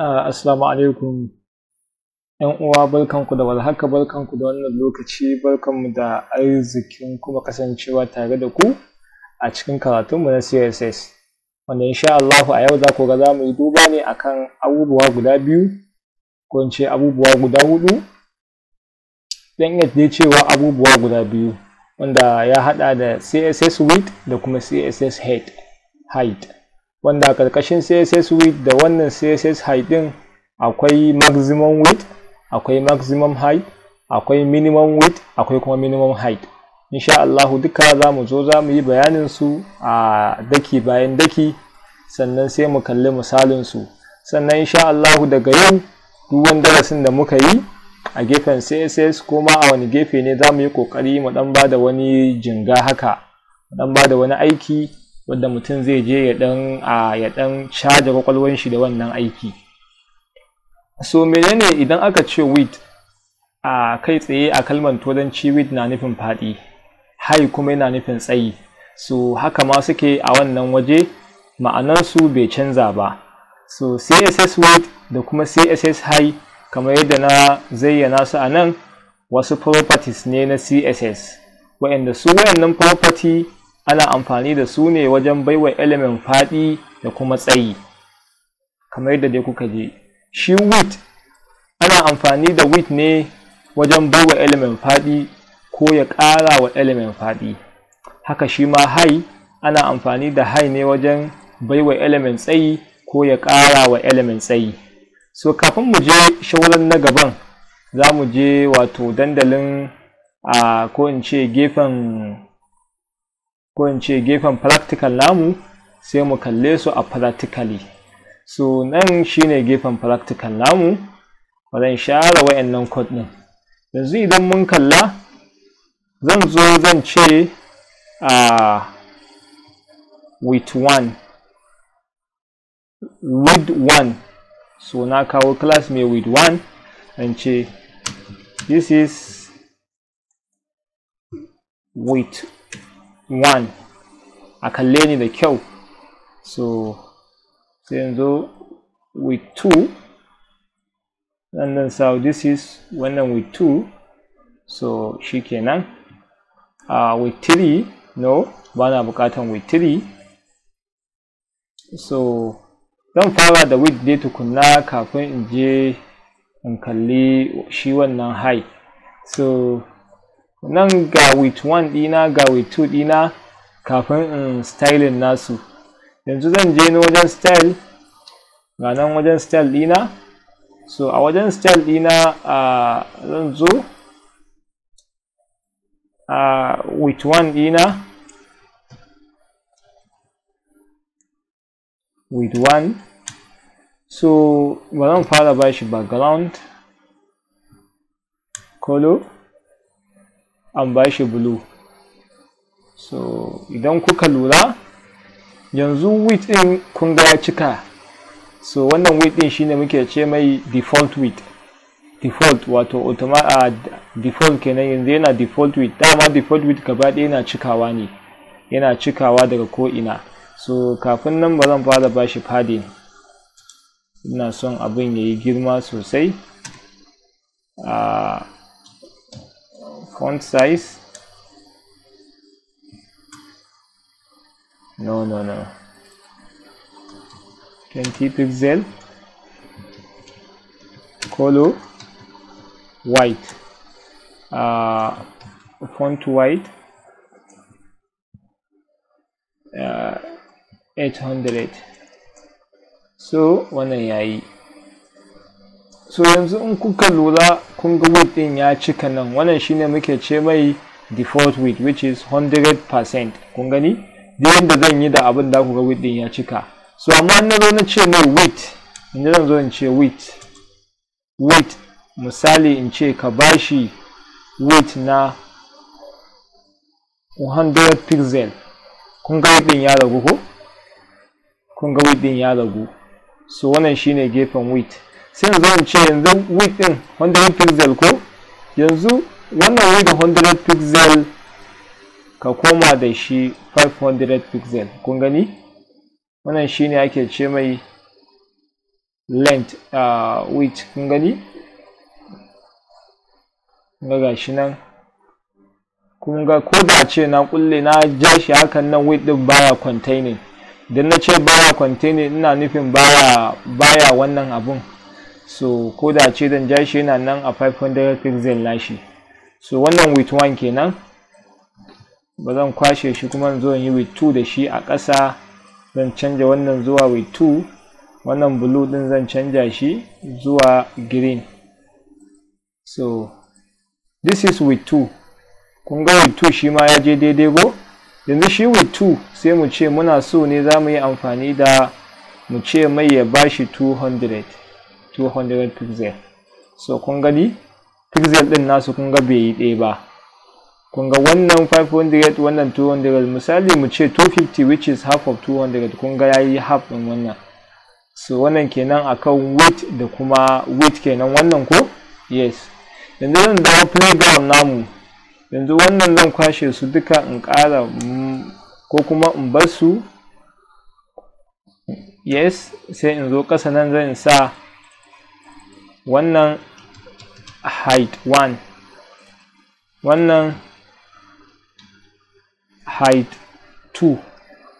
Ah, assalamu alaikum ‘yan uwa barkanku da walhaka barkanku da wannan lokaci mu da arzikin kuma kasancewa tare da ku a cikin karatunmu na CSS wanda insha Allahu a yau za ku ga za yi duba ne akan abubuwa guda biyu ko ce abubuwa guda hudu zan iya dai cewa abubuwa guda biyu wanda ya hada da CSS width da kuma CSS height height wanda a ƙarƙashin css width da wannan css height ɗin akwai maximum width akwai maximum height akwai minimum width akwai kuma minimum height insha Allah duka za mu zo za mu yi bayanin su a daki bayan daki sannan sai mu kalli misalin su sannan insha Allah daga yau duk wani darasin da muka yi a gefen css kuma a wani gefe ne za mu yi kokari mu dan ba da wani jinga haka dan ba da wani aiki wadda mutum zai je ya dan a ya dan caja kwakwalwar shi da wannan aiki so menene idan aka ce wit a kai tsaye a kalmar turanci wit na nufin faɗi hai kuma yana nufin tsayi so haka ma suke a wannan waje su bai canza ba so css wit da kuma css high kamar yadda na zayyana su a nan wasu properties ne na css waɗanda su waɗannan property ana amfani da su ne wajen baiwa ilimin faɗi da kuma tsayi kamar yadda dai kuka je shi wit ana amfani da wit ne wajen baiwa ilimin faɗi ko ya ƙara wa ilimin faɗi haka shi ma hai ana amfani da hai ne wajen baiwa ilimin tsayi ko ya ƙara wa ilimin tsayi so kafin mu je shawarar na gaban za mu je wato dandalin a ko in ce gefen ko in ce gefen practical namu sai mu kalle su a practically so nan shine gefen practical namu zan share wayannan code din yanzu idan mun kalla zan zo zan ce a with one with one so na kawo class mai with one zan ce this is with 1 a kalle ni da kyau so sai yanzu with 2 then so this is wannan with 2 so shikenan uh, with 3 no ba na bukatan with 3 so zan fara da with dai tukunna kafin in je in kalli shi wannan high so nan ga with one dina, ga with two dina, kafin in styling nasu yanzu zan je ni wajen style ga nan wajen style dina. so a wajen style dina, a zan zo a with one dina with one so ba zan fara bashi background color an ba shi blue so idan kuka lura yanzu width din kun ga ya cika so wannan width din shine muke ce mai default width default wato automatic uh, ah, default kenan yanzu yana default width dama default width gaba ɗaya yana cikawa ne yana cikawa daga ko ina so kafin nan ba zan fara bashi padding ina son abin ya yi girma sosai ah, font size no no no 20 pixel color white uh, font white uh, 800 so when I so yanzu in kuka lura kun ga width din ya cika nan wannan shine muke ce mai default width which is 100% kun gani da inda zan yi da abin da kuka ga din ya cika so amma na zo na ce mai width inda zan zo in ce width width misali in ce ka bashi width na 100 pixel kun ga width din ya ragu ko kun ga width din ya ragu so wannan shine gefen width sai yanzu zo ce yanzu width din 100 pixel ko yanzu wannan width 100 pixel ka koma da shi 500 pixel kun gani wannan shi ne ake ce mai length uh, width kun gani ga shi nan kun ga ko da ce na kulle na ja shi hakan nan width din baya containing don na ce baya containing ina nufin baya baya wannan abun so ko da ce zan ja shi yana nan a 500 pixel lashe so wannan with 1 kenan ba zan kwashe shi kuma zo yi with 2 da shi a ƙasa zan canja wannan zuwa with 2 wannan blue din zan canja shi zuwa green so this is with 2 kun ga with 2 shi ma ya je daidai go yanzu shi with 2 sai mu ce muna so ne za mu yi amfani da mu ce mai ya bashi 200 200 pixel so kun gani pixel din nasu kun ga bai yi ɗaya ba kun ga wannan 500 wannan 200 misali mu ce 250 which is half of 200 kun ga yayi half din wannan so wannan kenan akan width da kuma width kenan wannan ko yes yanzu zan dawo playground namu yanzu wannan zan kwashe su duka in ƙara mm, ko kuma in bar su yes sai in zo ƙasa nan zan sa wannan height 1 wannan height 2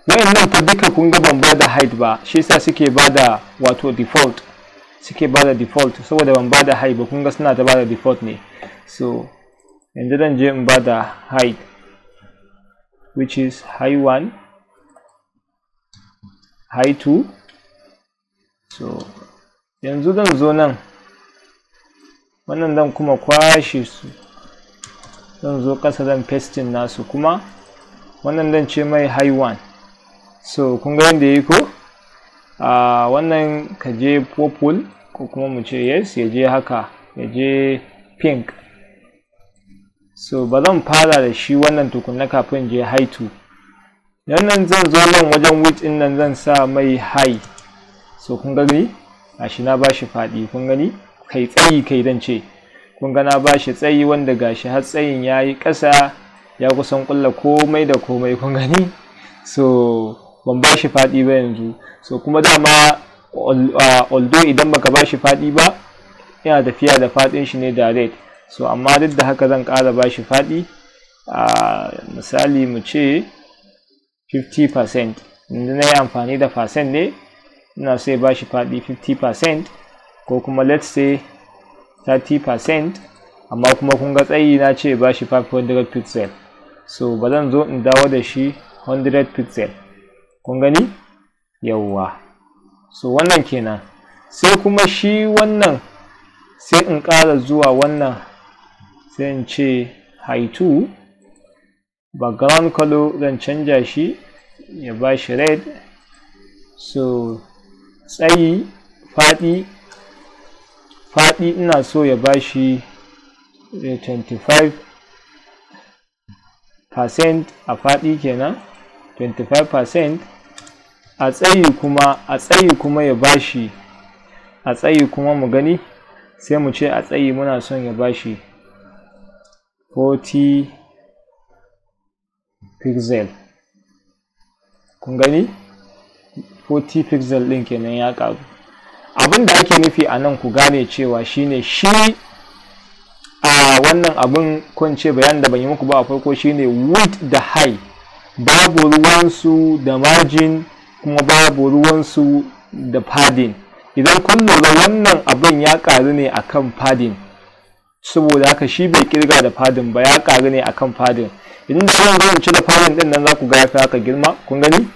wayannan ta duka kun ga ban ba da height ba shi yasa suke ba da wato default suke ba da default saboda ban ba da height ba kun ga suna ta ba da default ne so yanzu zan je in ba da height which is high 1 high 2 so yanzu zan zo nan wannan dan kuma kwashe su zan zo ƙasa zan pasting nasu kuma wannan dan ce mai high one so kun ga yadda yi ko a wannan ka je purple ko kuma mu ce yes ya je haka ya je pink so ba zan fara da shi wannan tukunna kafin je high 2 wannan zan zo nan wajen width din nan zan sa mai high so kun gani gashi na bashi faɗi kun gani kai tsayi kai dan ce kun ga na ba shi tsayi wanda gashi har tsayin ya yi ƙasa ya kusan ƙulla komai da komai kun gani so ban ba shi faɗi ba yanzu so kuma dama although idan baka ba shi faɗi ba yana tafiya da faɗin shi ne direct so amma duk da haka zan ƙara ba shi faɗi a misali mu ce 50% yanzu na yi amfani da percent ne ina sai ba shi faɗi 50% ko kuma let's say 30% amma kuma kun ga tsayi na ce ba shi 500 pixel so ba zan zo in dawo da shi 100 pixel kun gani yawwa so wannan kenan sai kuma shi wannan sai in ƙara zuwa wannan sai in ce high 2 background color zan canja shi ya ba shi red so tsayi faɗi faɗi ina so ya bashi 25% eh, a faɗi kenan 25% a tsayi kuma a tsayi kuma ya bashi a tsayi kuma mu gani sai mu ce a tsayi muna son ya bashi 40 pixel kun gani 40 pixel ɗin kenan ya ƙaru abin da ake nufi a nan ku gane cewa shine shi a wannan abin kun bayan da ban yi muku ba a farko shine wood da high babu ruwansu da margin kuma babu ruwansu da padding idan kun lura wannan abin ya karu ne a kan padding saboda haka shi bai kirga da fadin ba ya karu ne a kan fadin idan da yawan zo da fadin din nan za ku ga ya fi haka girma kun gani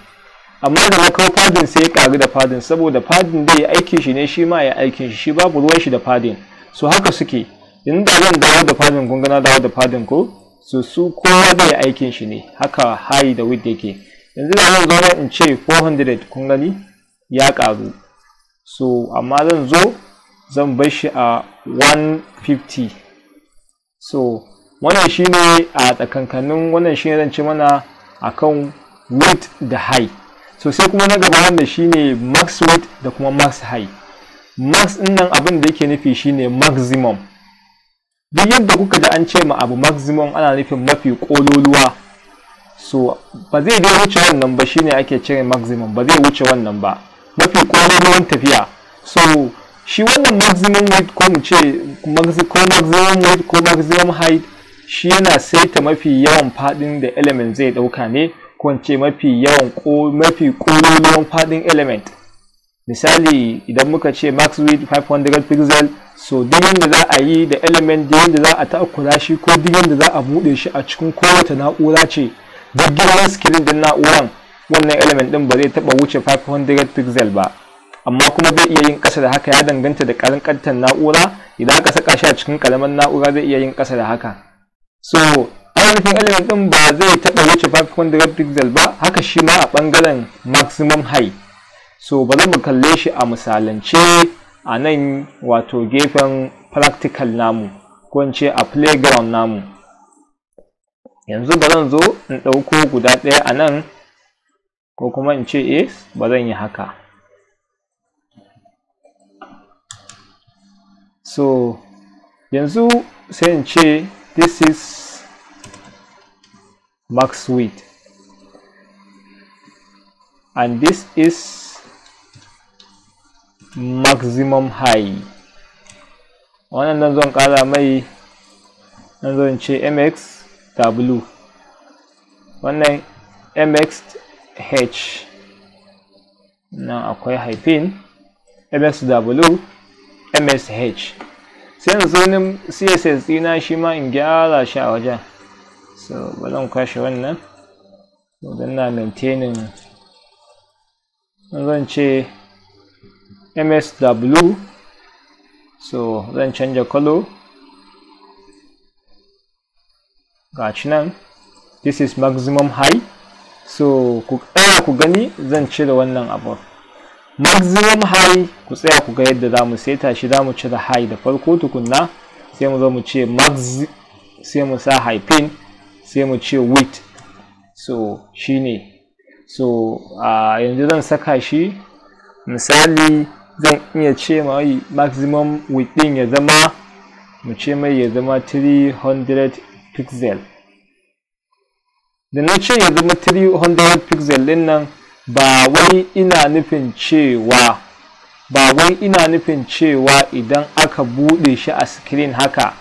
amma da na kawo fadin sai ya karu da fadin saboda fadin da yi aiki shi ne shi ma ya aikin shi shi babu ruwan shi da fadin su haka suke in da zan dawo da fadin kun gana dawo da fadin ko su su kowa da yi aikin shi ne haka hayi da wid yake yanzu da zan zo in ce 400 kun ya karu so amma zan zo zan bar shi a 150 so wannan shine a tsakankanin wannan shine zan ce mana akan width da height so sai kuma na gaba wanda shine max weight da kuma max high max nan abin da yake nufi shine maximum duk yadda kuka ji an ce ma abu maximum ana nufin mafi kololuwa so ba zai dai wuce wannan ba shine ake cire maximum ba zai wuce wannan ba mafi kololuwan tafiya so shi wannan maximum weight ko mu ce maximum weight ko maximum height shi yana saita mafi yawan fadin da element zai dauka ne kwance mafi yawan mafi ƙololuwan faɗin element misali idan muka ce max width 500 pixel so duk da za a yi da element da za a takura shi ko duk da za a buɗe shi a cikin kowace na'ura ce duk girman screen din na'uran wannan element din ba zai taɓa wuce 500 pixel ba amma kuma zai iya yin ƙasa da haka ya danganta da ƙarin na'ura idan aka saka shi a cikin ƙaramin na'ura zai iya yin ƙasa da haka so nufin element ɗin ba zai taɓa wuce 500 pixel ba haka shi ma a ɓangaren maximum high so ba mu kalle shi a misalance a nan wato gefen practical namu ko in ce a playground namu yanzu ba zan zo in ɗauko guda ɗaya a nan ko kuma in ce eh, ba zan yi haka so yanzu sai in ce this is max width and this is maximum high wannan nan zan kara mai nan zan ce mx w wannan mx h nan akwai hyphen mx w msh sai yanzu css dina shi ma in gyara shi a wajen so ba zan kwashe wannan don na maintaining zan ce msw so zan canja color gashi nan this is maximum high so ku tsaya ku gani zan cire wannan abun maximum high ku tsaya ku ga yadda zamu seta shi zamu cire high da farko tukunna sai mu zo mu ce max sai mu sa high pin sai mu ce wheat so shi ne so a yanzu zan saka shi misali zan iya ce mai maximum width din ya zama mu ce mai ya zama 300 pixel da na ce ya zama 300 pixel din nan ba wai ina nufin cewa ba wai ina nufin cewa idan aka bude shi a screen haka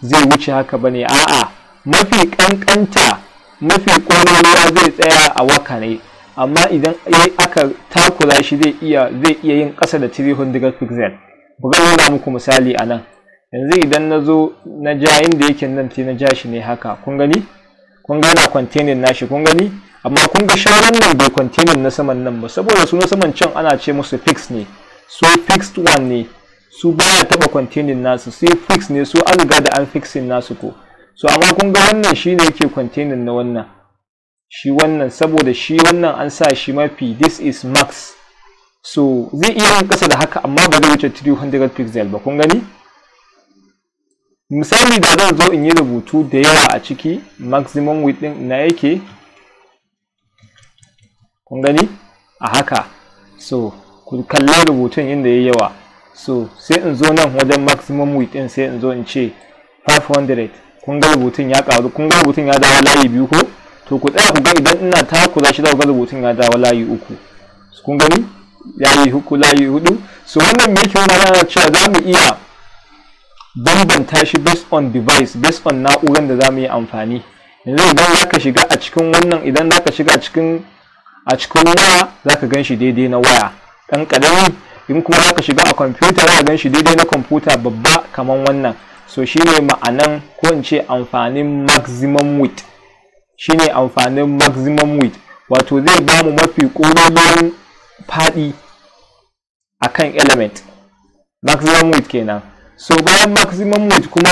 zai wuce haka bane a'a mafi kankanta mafi kololuwa zai tsaya a waka ne amma idan eh aka takura shi zai iya zai iya yin ƙasa da 300 pixel bari nuna muku misali a nan yanzu idan na zo na ja inda yake nan sai na ja shi ne haka kun gani kun gana containing nashi kun gani amma kun ga sharan nan bai containing na saman nan ba saboda su na saman can ana ce musu fix ne su fixed one ne su baya taba containing nasu sai fix ne su an riga da an fixing nasu ko so amma kun ga wannan shine yake containing na wannan shi wannan saboda shi wannan an sa shi mafi this is max so zai iya yin kasa da haka amma ba zai wuce 300 pixel ba kun gani misali da zan zo in yi rubutu da yawa a ciki maximum width din na yake kun gani a haka so ku kalli rubutun inda yayi yawa so sai in zo nan wajen maximum width din sai in zo in ce 500 kun ga rubutun ya karu kun ga rubutun ya dawo layi biyu ko to ku tsaya ku ga idan ina takura shi za ku ga rubutun ya dawo layi uku kun gani yi huku layi hudu so wannan me yake cewa za mu iya bambanta shi based on device based on na'uran da za mu yi amfani yanzu idan za ka shiga a cikin wannan idan za ka shiga a cikin a cikin waya za ka gan daidai na waya ɗan ƙarami in kuma za ka shiga a kwamfuta za ka gan shi daidai na kwamfuta babba kamar wannan so shine ma'anan ko in ce amfanin maximum width ne amfanin maximum width wato zai ba mu mafi ƙololon faɗi a kan element maximum width kenan so bayan maximum width kuma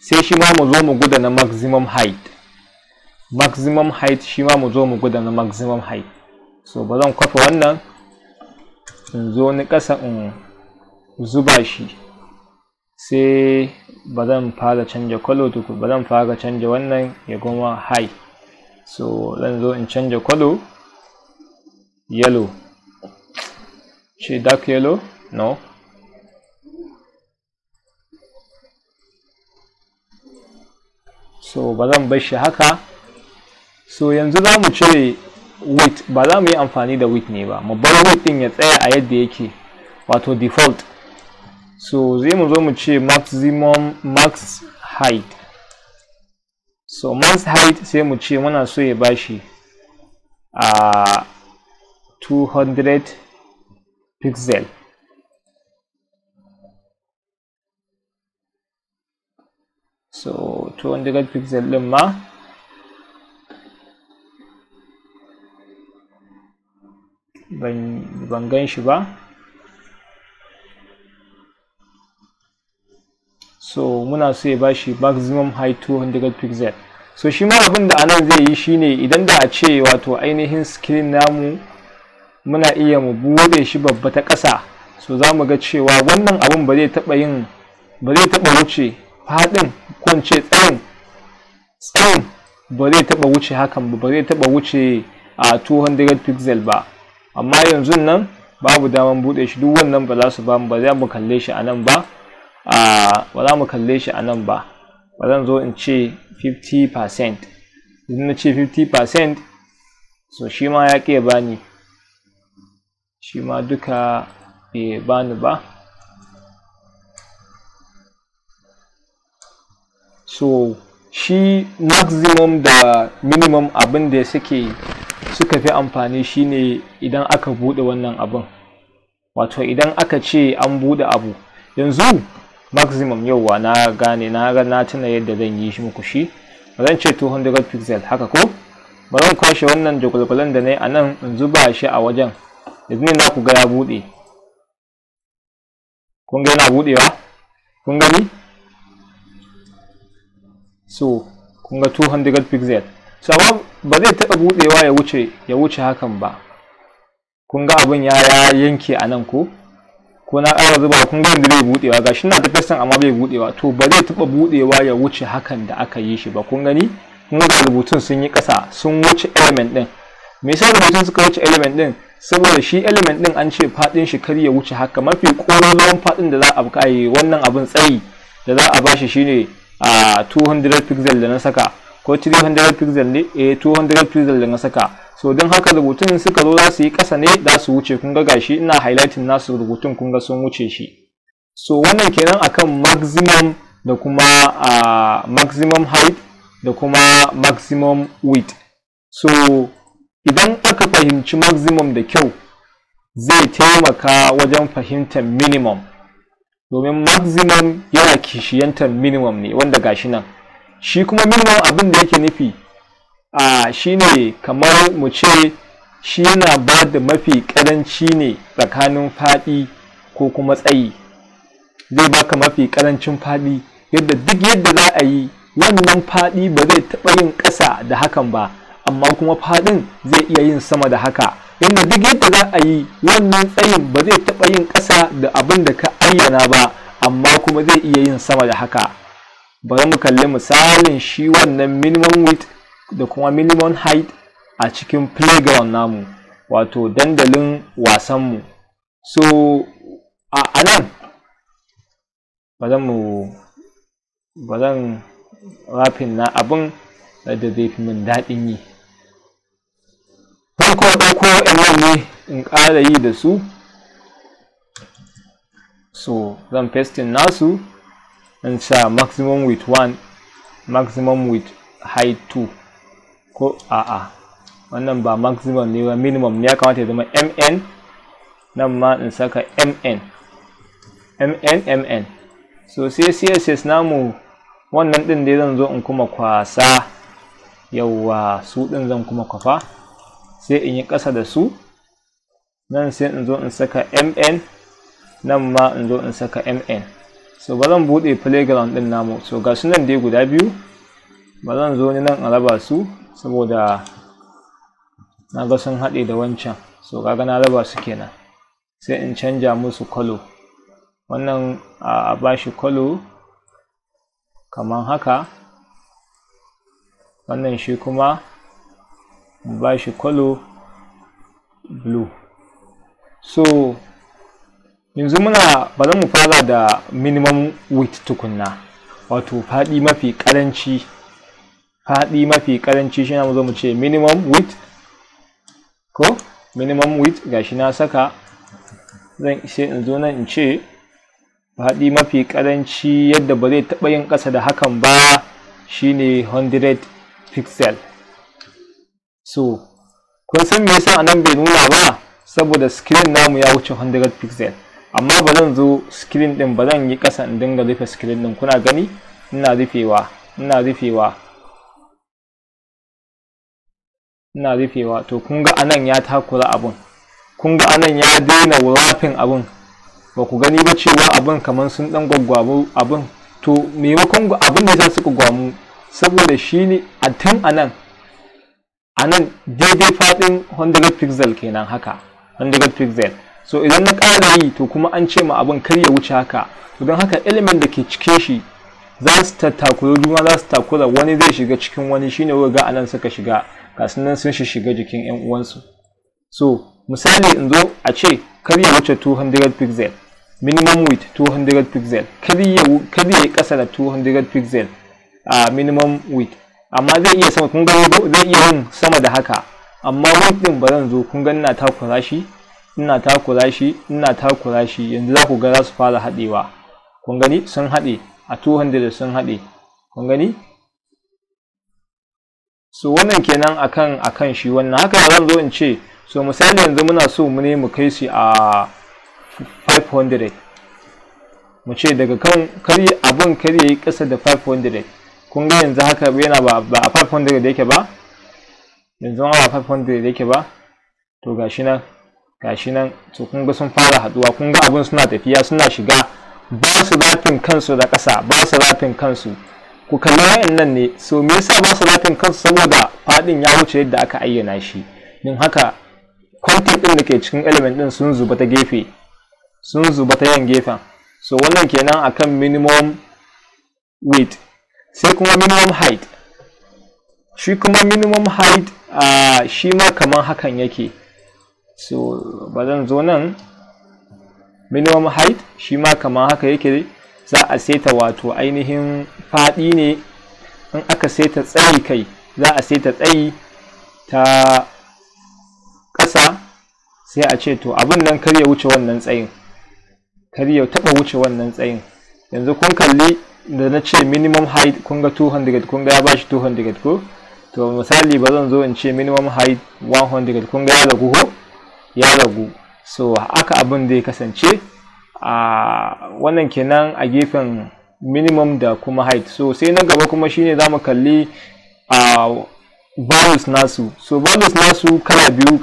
sai shi ma mu zo mu guda na maximum height maximum height shi ma mu zo mu guda na maximum height so ba zan kwafa wannan in zo ni ƙasa in zuba shi sai ba zan fara canja kwalo tukur ba zan fara canja wannan ya goma high so zan zo in canja kwalo yellow shi dark yellow no so ba zan bar shi haka so yanzu za mu cire width ba za mu yi amfani da width ne ba mu bar width din ya tsaya a yadda yake wato default so zai mu zo mu ce maximum max height so max height sai mu ce muna so ya bashi a 200 pixel so 200 pixel din ma ban gan shi ba so muna so ya bashi maximum height 200 pixel so shi ma abin da anan zai yi shine idan da a ce wato ainihin screen namu muna iya mu bude shi babba ta ƙasa so za mu ga cewa wannan abun ba zai taɓa yin ba zai taɓa wuce faɗin kwance tsayin tsayin ba zai taɓa wuce hakan ba ba zai taɓa wuce a 200 pixel ba amma yanzu nan babu daman buɗe shi duk wannan ba za su ba mu ba za mu kalle shi a nan ba ba za mu kalle shi a nan ba ba zan zo in ce 50% idan na ce 50% so shi ma ya ƙi ni. shi ma duka bai ni ba so shi maximum da minimum abin da suke suka fi amfani shine idan aka buɗe wannan abin wato idan aka ce an buɗe abu yanzu maximum wa na gane na ga na tuna yadda zan yi shi muku shi zan ce 200 pixel haka ko bari mu kwashe wannan jagwalgwalan da na yi a nan in zuba shi a wajen izinin na ku ga ya buɗe kun ga yana buɗewa kun gani so kun ga 200 pixel so amma ba zai taɓa buɗewa ya wuce ya wuce hakan ba kun ga abin ya yanke a nan ko ko na ƙara zuba kun ga da bai budewa shi na ta amma bai buɗewa to ba zai taba budewa ya wuce hakan da aka yi shi ba kun gani kun ga rubutun sun yi ƙasa sun wuce element ɗin me yasa rubutun suka wuce element ɗin saboda shi element ɗin an ce faɗin shi kar ya wuce haka mafi ƙololuwan fadin da za a buƙaye eh, wannan abin tsayi da za a bashi shine a ah, 200 pixel da na saka ko 300 pixel ne a eh, 200 pixel da na saka so don haka rubutun suka zo za su yi ƙasa ne za su wuce kun ga gashi ina highlighting nasu rubutun kun ga sun wuce shi so wannan kenan akan maximum da kuma uh, maximum height da kuma maximum width so idan aka fahimci maximum da kyau zai taimaka wajen fahimtar minimum domin maximum yana kishiyantar minimum ne wanda gashi nan shi kuma minimum abin da yake nufi a shine kamar mu ce shi yana ba da mafi ƙaranci ne tsakanin faɗi ko kuma tsayi zai baka mafi ƙarancin faɗi yadda duk yadda za a yi wannan faɗi ba zai taɓa yin ƙasa da hakan ba amma kuma faɗin zai iya yin sama da haka yadda duk yadda za a yi wannan tsayin ba zai taɓa yin ƙasa da abin da ka ayyana ba amma kuma zai iya yin sama da haka bari mu kalli misalin shi wannan minimum width da kuma minimum height a cikin playground namu wato dandalin wasanmu so a nan ba zan mu ba zan rafin na abin da zai fi min daɗin yi farko ko wa'annan ne in ƙara yi da su so zan festin nasu and sa maximum with 1 maximum with height 2 ko a'a wannan ba maximum ne ba minimum ne ya kamata ya zama mn nan ma in saka mn mn mn so sai css namu wannan din dai zan zo in kuma kwasa yauwa su din zan kuma kwafa sai in yi ƙasa da su nan sai in zo in saka mn nan ma in zo in saka mn so ba zan buɗe playground ɗin namu so ga su nan dai guda biyu ba zan zo ni nan a raba su saboda na ga sun haɗe da wancan so kaga na raba su kenan sai in canja musu kwalo wannan a bashi kwalo kaman haka wannan shi kuma bashi kwalo blue so yanzu muna bari mu fara da minimum width tukunna wato faɗi mafi ƙaranci faɗi mafi ƙaranci shi na mu ce minimum width ko minimum width gashi na saka zan ishe in zo nan in ce faɗi mafi ƙaranci yadda ba zai taɓa yin ƙasa da hakan ba shine 100 pixel so kun san me yasa anan bai nuna ba saboda screen namu ya wuce 100 pixel amma ba zan zo screen din ba zan yi ƙasa in dinga rufe screen din kuna gani ina rufewa ina rufewa ina rufewa to kun ga anan ya takura abun kun ga anan ya daina wrapping abun ba ku gani ba cewa abun kamar sun dan gwaggwamu abun to maimakon abun da za su gwamu saboda shi ne a tun anan anan daidai faɗin 100 pixel kenan haka 100 pixel so idan na ƙara yi to kuma an ce ma abin kar ya wuce haka to don haka ilimin da ke cike shi za su tattakuri juna za su takura wani zai shiga cikin wani shine wuri ga anan suka shiga gasu nan sun shiga jikin yan uwansu so misali in zo a ce kar ya wuce 200 pixel minimum width 200 pixel kar ya yi ƙasa da 200 pixel a minimum width amma zai iya sama kun zai iya yin sama da haka amma width din ba zan zo kun ganna takura shi ina takura shi ina takura shi yanzu za ku ga za su fara haɗewa kun gani sun haɗe a 200 sun haɗe kun gani so wannan kenan akan akan shi wannan haka zan zo in ce so misali yanzu muna so mu ne mu kai shi a 500 mu ce daga kan kari abin kari yayi kasa da 500 kun ga yanzu haka yana ba a 500 da yake ba yanzu ma ba 500 da yake ba to gashi nan gashi nan to kun ga sun fara haduwa kun ga abun suna tafiya suna shiga ba su zafin kansu da kasa ba su zafin kansu ku kalli wayannan ne so me yasa ba su zafin kansu saboda fadin ya wuce yadda aka ayyana shi din haka kwantin din da ke cikin element din sun zuba ta gefe sun zuba ta yan gefen so wannan kenan akan minimum weight sai kuma minimum height shi kuma minimum height uh, shi ma kamar hakan yake so ba zan zo nan minimum height shi ma kama haka yake za a seta wato ainihin faɗi ne in aka seta tsayi kai za a seta tsayi ta ƙasa sai a ce to abin nan kar ya wuce wannan tsayin kar ya taɓa wuce wannan tsayin yanzu kun kalli da na ce minimum height kun ga 200 kun ga ya bashi 200 ko to misali ba zan zo in ce minimum height 100 kun ga ya ragu ko ya ragu so haka abin zai kasance a wannan kenan a gefen minimum da kuma height so sai na gaba kuma shine za mu kalli a values nasu so values nasu kala biyu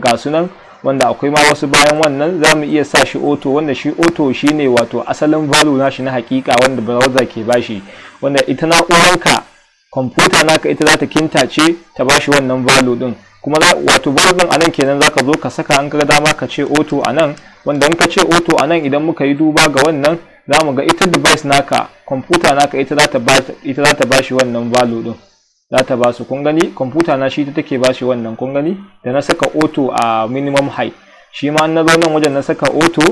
ga su nan wanda akwai ma wasu bayan wannan zamu iya sa shi auto wanda shi auto shine wato asalin value nashi na hakika wanda browser ke bashi wanda ita na'urarka kwamfuta naka ita za ta kintace ta bashi wannan value din kuma wato bulb anan kenan zaka zo ka saka an ga dama ka ce auto anan wanda in ka ce auto anan idan muka yi duba ga wannan za mu ga ita device naka computer naka ita za ta ba ita za ta bashi wannan value din za ta ba su kun gani computer na shi ita take bashi wannan kun gani da na saka auto a minimum high shi ma na zo nan wajen na saka auto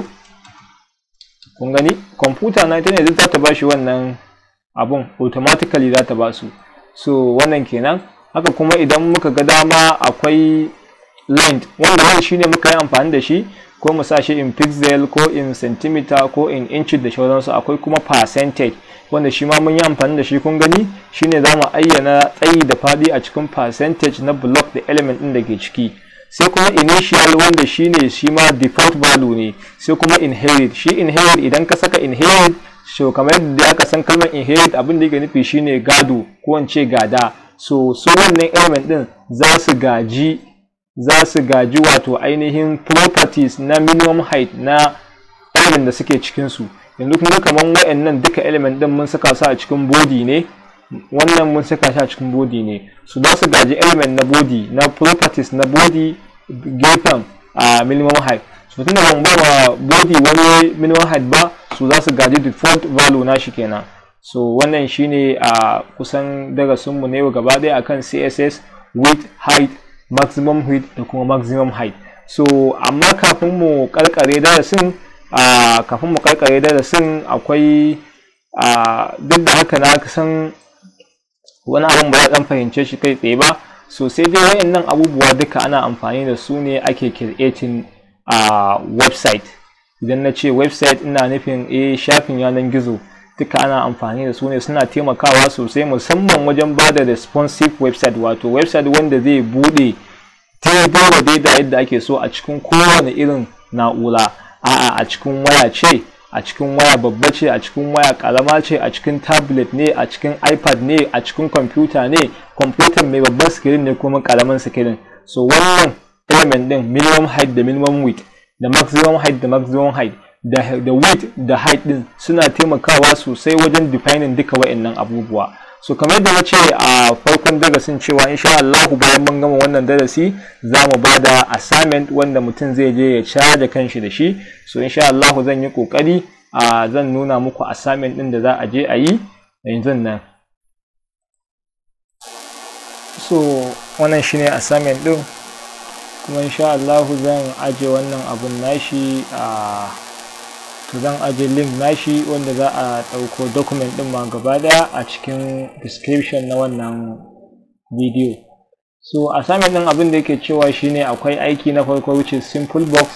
kun gani computer na ita ne za ta bashi wannan abun automatically za ta ba su so wannan kenan haka kuma idan muka ga dama akwai length wanda wani shine muka yi amfani da shi ko mu sa shi in pixel ko in centimeter ko in inch da sauransu akwai kuma percentage wanda shi ma mun yi amfani da shi kun gani shine za mu ayyana tsayi da fadi a cikin percentage na block da element ɗin da ke ciki sai kuma initial wanda shine shi ma default value ne sai kuma inherit shi inherit idan ka saka inherit so kamar yadda aka san kalmar inherit abin da yake nufi shine gado ko in gada so su wannan element din za su gaji za su gaji wato ainihin properties na minimum height na element da suke cikinsu yanzu kuma kamar wayannan duka element din mun saka su a cikin body ne wannan mun saka shi a cikin body ne su za su gaji element na body na properties na body gefen a minimum height so tunda ban ba body wani minimum height ba su za su gaji default value na shi kenan so wannan shine a kusan darasinmu na yau gaba daya akan css width height maximum width da kuma maximum height so amma kafin mu karkare darasin kafin mu karkare darasin akwai a duk da haka na san wani abin ba ya dan fahimce shi kai tsaye ba so sai dai wayannan abubuwa duka ana amfani da su ne ake creating a website idan na ce website ina nufin a eh, shafin yanar gizo duka ana amfani da su ne suna taimakawa sosai musamman wajen ba da responsive website wato website wanda zai bude daidai da yadda ake so a cikin kowane irin na'ura a'a a cikin waya ce a cikin waya babba ce a cikin waya karama ce a cikin tablet ne a cikin ipad ne a cikin kwamfuta ne kwamfutan mai babban sikirin ne kuma karamin sikirin so wannan element din minimum height da minimum width da maximum height da maximum height da weight da height din suna taimakawa sosai wajen defining duka wa'annan abubuwa so kamar yadda na ce a farkon darasin cewa insha Allah bayan mun gama wannan darasi za mu ba da assignment wanda mutum zai je ya caja kanshi da shi so insha Allah zan yi kokari a zan nuna muku assignment din da za a je a yi yanzu nan so wannan shine assignment din kuma insha Allah zan aje wannan abun nashi a zan aje link nashi wanda za a ɗauko document ɗin ma gaba daya a cikin description na wannan bidiyo so assignment ɗin abin da yake cewa shine akwai aiki na farko which simple box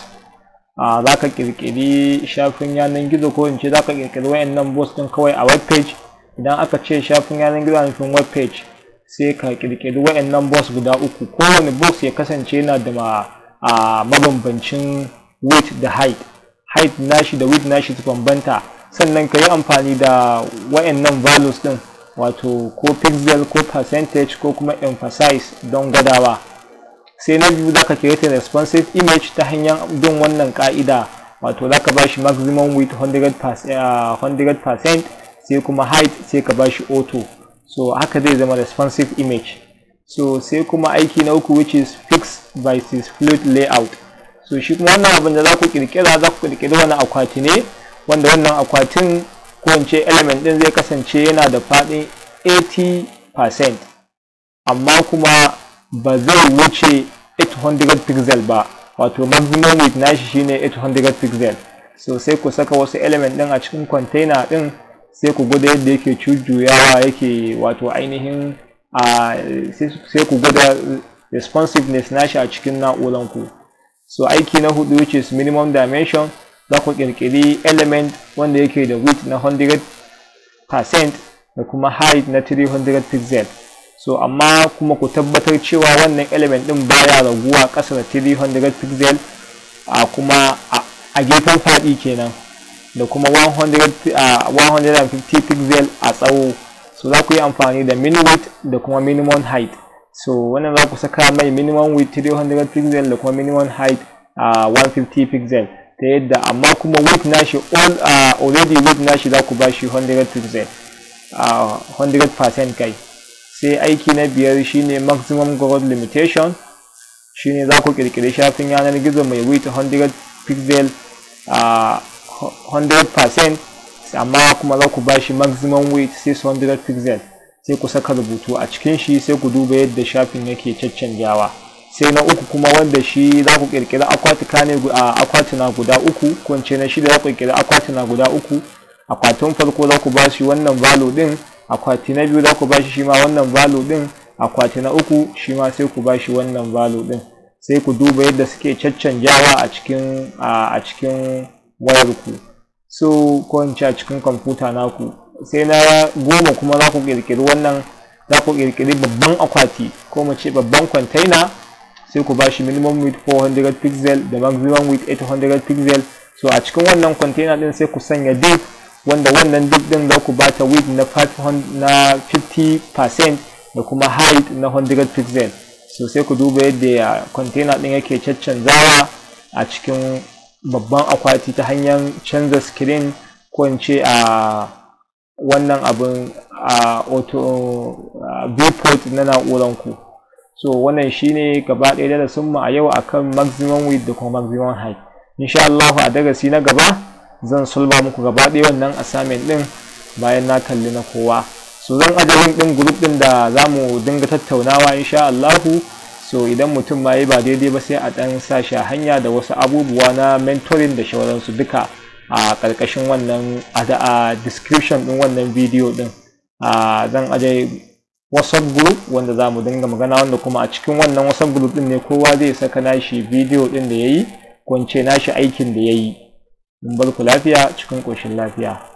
a za ka kirkiri shafin yanar gizo ko in ce za ka wayannan box ɗin kawai a web page idan aka ce shafin yanar gizo a nufin web page sai ka ƙirƙiri wayannan box guda uku kowane box ya kasance yana da mabambancin weight da height height nashi da width nashi su bambanta sannan ka yi amfani da wayannan values din wato ko pixel ko percentage ko kuma emphasize don gwadawa sai na biyu zaka create responsive image ta hanyar bin wannan ka'ida wato zaka bashi maximum width 100% ah, sai kuma height sai ka bashi auto so haka zai zama responsive image so sai kuma aiki na uku which is fixed versus fluid layout to shi kuma wannan abin da za ku kirkira za ku kirkiri wani akwati ne wanda wannan akwatin kowace element ɗin zai kasance yana da faɗin 80% amma kuma ba zai wuce 800 pixel ba wato maximum width nashi shine 800 pixel so sai ku saka wasu element ɗin a cikin container ɗin sai ku gwada yadda yake cujuyawa yake wato ainihin ah, sai ku gwada responsiveness nashi a cikin na'uranku so aiki na hudu which is minimum dimension za ku kirkiri element wanda yake da width na 100% da kuma height na 300 pixel so amma kuma ku tabbatar cewa wannan element din baya raguwa ƙasa da 300 pixel a kuma a gefen faɗi kenan da kuma 150 pixel a tsawo so za ku yi amfani da min width da kuma minimum height so wannan za ku saka mai minimum width 300 pixel da kuma minimum height a uh, 150 pixel ta yadda amma kuma width nashi uh, already width nashi za ku bashi 100 pixel uh, 100% kai sai aiki na biyar shine maximum growth limitation shine za ku kirkiri shafin yanar gizo mai width 100 pixel uh, 100% amma kuma za ku bashi maximum width 600 pixel sai ku saka rubutu a cikin shi sai ku duba yadda shafin yake caccanjawa sai na uku kuma wanda shi za ku kirkira akwatika ne a akwatuna guda uku kwance na shida za ku kirkira akwatuna guda uku akwatin farko za ku bashi wannan valo din akwati na biyu za ku bashi shi ma wannan valo din akwati na uku shi ma sai ku bashi wannan valo din sai ku duba yadda suke caccanjawa a cikin a cikin wayarku so ko a cikin kwamfuta naku sai na goma kuma za ku ƙirƙiri wannan za ku kirkiri babban akwati ko mu ce babban kwantena sai ku bashi minimum width 400 pixel da maximum width 800 pixel so a cikin wannan container din sai ku sanya div wanda wannan div din za ku bata width na 50% da kuma height na 100 pixel so sai ku duba yadda container din yake caccanzawa a cikin babban akwati ta hanyar canza screen ko in ce a wannan abin a auto viewport na na'uranku so wannan shine gaba ɗaya darasin mu a yau a kan maximum width da kuma maximum height insha Allah a darasi na gaba zan sulba muku gaba ɗaya wannan assignment ɗin bayan na kalli na kowa so zan link din group din da zamu dinga tattaunawa insha Allah so idan mutum ma yi ba daidai ba sai a dan sashi a hanya da wasu abubuwa na mentoring da shawararsu duka a ƙarƙashin wannan a description ɗin wannan bidiyo ɗin zan aje whatsapp group wanda za mu dinga magana wanda kuma a cikin wannan whatsapp group ɗin ne kowa zai saka nashi bidiyo ɗin da ya yi ko nashi aikin da ya yi in bar ku lafiya cikin ƙoshin lafiya